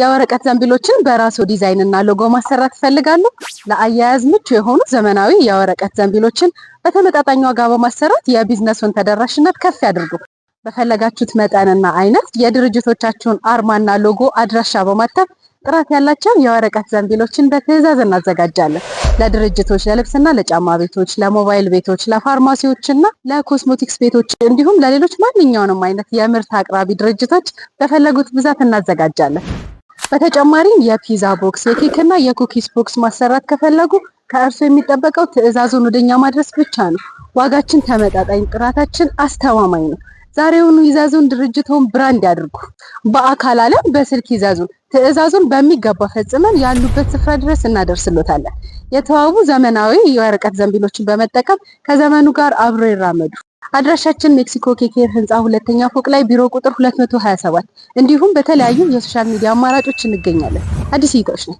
የወረቀት ዘንቢሎችን በራስዎ ዲዛይን እና ሎጎ ማሰራት ይፈልጋሉ? ለአያያዝ ምቹ የሆኑ ዘመናዊ የወረቀት ዘንቢሎችን በተመጣጣኝ ዋጋ በማሰራት የቢዝነሱን ተደራሽነት ከፍ ያድርጉ። በፈለጋችሁት መጠንና አይነት የድርጅቶቻችሁን አርማና ሎጎ አድራሻ በማተብ ጥራት ያላቸው የወረቀት ዘንቢሎችን በትዕዛዝ እናዘጋጃለን። ለድርጅቶች፣ ለልብስና ለጫማ ቤቶች፣ ለሞባይል ቤቶች፣ ለፋርማሲዎችና ለኮስሞቲክስ ቤቶች እንዲሁም ለሌሎች ማንኛውንም አይነት የምርት አቅራቢ ድርጅቶች በፈለጉት ብዛት እናዘጋጃለን። በተጨማሪም የፒዛ ቦክስ፣ የኬክ እና የኩኪስ ቦክስ ማሰራት ከፈለጉ ከእርስዎ የሚጠበቀው ትዕዛዙን ወደኛ ማድረስ ብቻ ነው። ዋጋችን ተመጣጣኝ፣ ጥራታችን አስተማማኝ ነው። ዛሬውኑ ይዘዙን፣ ድርጅቶን ብራንድ ያድርጉ። በአካል አለም በስልክ ይዘዙን። ትዕዛዙን በሚገባ ፈጽመን ያሉበት ስፍራ ድረስ እናደርስሎታለን። የተዋቡ ዘመናዊ የወረቀት ዘንቢሎችን በመጠቀም ከዘመኑ ጋር አብሮ ይራመዱ። አድራሻችን ሜክሲኮ ኬኬር ህንፃ ሁለተኛ ፎቅ ላይ ቢሮ ቁጥር 227 እንዲሁም በተለያዩ የሶሻል ሚዲያ አማራጮች እንገኛለን። አዲስ እይታዎች